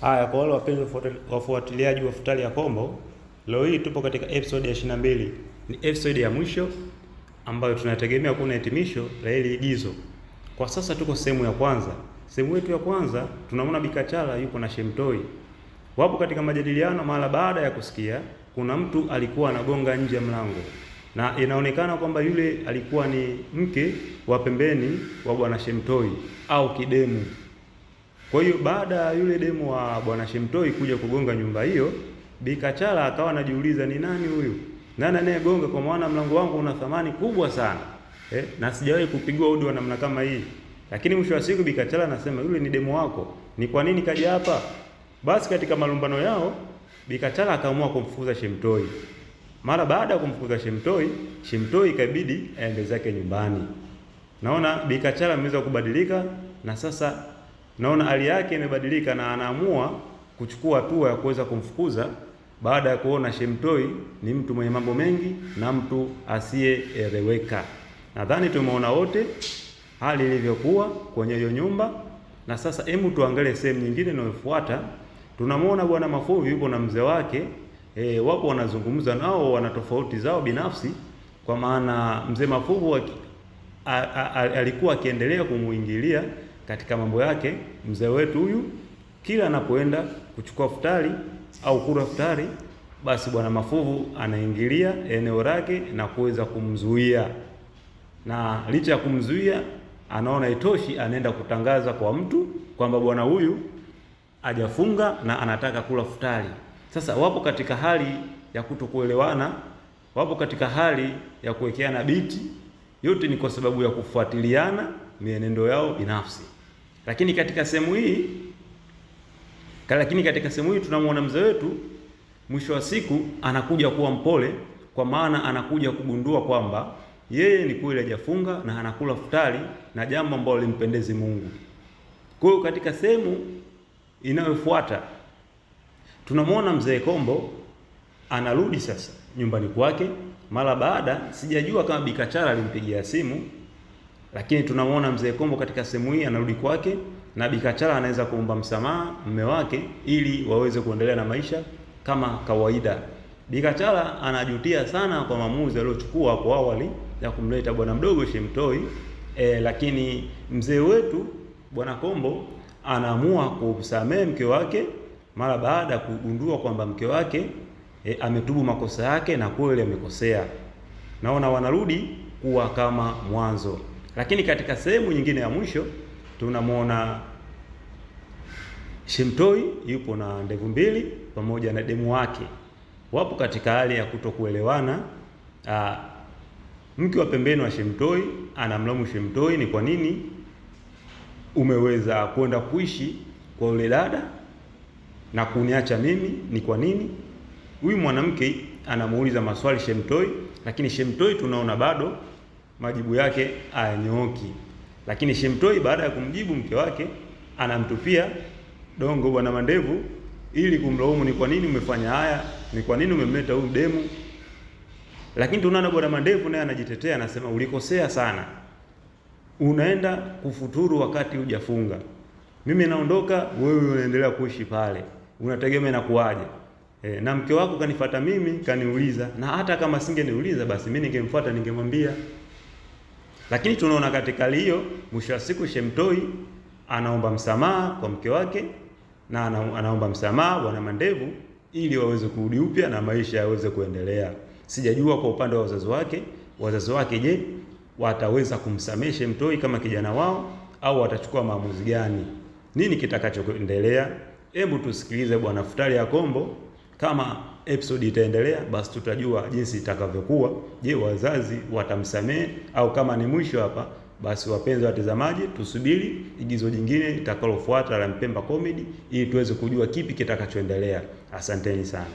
Haya, kwa wale wapenzi wafuatiliaji wa futari ya Kombo, leo hii tupo katika episode ya 22. Ni episode ya mwisho ambayo tunategemea kuna hitimisho la ile igizo. Kwa sasa tuko sehemu ya kwanza. Sehemu yetu ya kwanza tunamwona Bikachala yuko na Shemtoi, wapo katika majadiliano. Mara baada ya kusikia kuna mtu alikuwa anagonga nje ya mlango, na inaonekana kwamba yule alikuwa ni mke wa pembeni wa bwana Shemtoi au kidemu kwa hiyo baada ya yule demu wa bwana Shemtoi kuja kugonga nyumba hiyo, Bikachala akawa anajiuliza ni nani huyu nani anayegonga, kwa maana mlango wangu una thamani kubwa sana eh, na sijawahi kupigwa udi wa namna kama hii. Lakini mwisho wa siku Bikachala anasema yule ni demu wako, ni kwa nini kaja hapa? Basi katika malumbano yao Bikachala akaamua kumfukuza Shemtoi. Mara baada ya kumfukuza Shemtoi, Shemtoi ikabidi aende zake nyumbani. Naona Bikachala ameweza kubadilika na sasa naona hali yake imebadilika na anaamua kuchukua hatua ya kuweza kumfukuza baada ya kuona Shemtoi ni mtu mwenye mambo mengi na mtu asiyeeleweka. Nadhani tumeona wote hali ilivyokuwa kwenye hiyo nyumba, na sasa hebu tuangalie sehemu nyingine inayofuata. Tunamwona bwana Mafuvi yupo na mzee wake e, wapo wanazungumza nao, wana tofauti zao binafsi, kwa maana mzee Mafuvu alikuwa akiendelea kumuingilia katika mambo yake mzee wetu huyu, kila anapoenda kuchukua futari au kula futari, basi bwana Mafuvu anaingilia eneo lake na kuweza kumzuia, na licha ya kumzuia anaona itoshi, anaenda kutangaza kwa mtu kwamba bwana huyu hajafunga na anataka kula futari. Sasa wapo katika hali ya kutokuelewana, wapo katika hali ya kuwekeana biti. Yote ni kwa sababu ya kufuatiliana mienendo yao binafsi. Lakini katika sehemu hii lakini katika sehemu hii tunamwona mzee wetu mwisho wa siku anakuja kuwa mpole, kwa maana anakuja kugundua kwamba yeye ni kweli hajafunga na anakula futari na jambo ambalo limpendezi Mungu. Kwa hiyo katika sehemu inayofuata tunamwona mzee Kombo anarudi sasa nyumbani kwake, mara baada, sijajua kama Bikachara alimpigia simu lakini tunamwona mzee Kombo katika sehemu hii anarudi kwake, na Bikachala anaweza kuomba msamaha mme wake ili waweze kuendelea na maisha kama kawaida. Bikachala anajutia sana kwa maamuzi aliyochukua hapo awali ya kumleta bwana mdogo Shemtoi e, lakini mzee wetu bwana Kombo anaamua kumsamehe mke wake mara baada ya kugundua kwamba mke wake e, ametubu makosa yake na kweli amekosea. Naona wanarudi kuwa kama mwanzo. Lakini katika sehemu nyingine ya mwisho tunamwona Shimtoi yupo na ndevu mbili pamoja na demu wake, wapo katika hali ya kutokuelewana. Ah, mke wa pembeni wa Shimtoi anamlaumu Shimtoi, ni kwa nini umeweza kwenda kuishi kwa yule dada na kuniacha mimi? Ni kwa nini? Huyu mwanamke anamuuliza maswali Shemtoi, lakini Shemtoi tunaona bado majibu yake ayanyooki. Lakini Shemtoi baada ya kumjibu mke wake anamtupia dongo bwana Mandevu ili kumlaumu, ni kwa nini umefanya haya, ni kwa nini umemleta huyu demu. Lakini tunaona bwana Mandevu naye anajitetea, anasema ulikosea sana, unaenda kufuturu wakati hujafunga. Mimi naondoka, wewe unaendelea kuishi pale, unategemea na kuwaje? E, na mke wako kanifata mimi, kaniuliza, na hata kama singeniuliza basi mimi ningemfuata, ningemwambia lakini tunaona katika hiyo mwisho wa siku Shemtoi anaomba msamaha kwa mke wake na anaomba msamaha bwana Mandevu ili waweze kurudi upya na maisha yaweze kuendelea. Sijajua kwa upande wa wazazi wake, wazazi wake je, wataweza kumsamehe Shemtoi kama kijana wao au watachukua maamuzi gani? Nini kitakachoendelea? Hebu tusikilize bwana Futari Yakombo kama episode itaendelea, basi tutajua jinsi itakavyokuwa. Je, wazazi watamsamehe au kama ni mwisho hapa? Basi wapenzi wa watazamaji, tusubiri igizo jingine litakalofuata la Mpemba Comedy ili tuweze kujua kipi kitakachoendelea. Asanteni sana.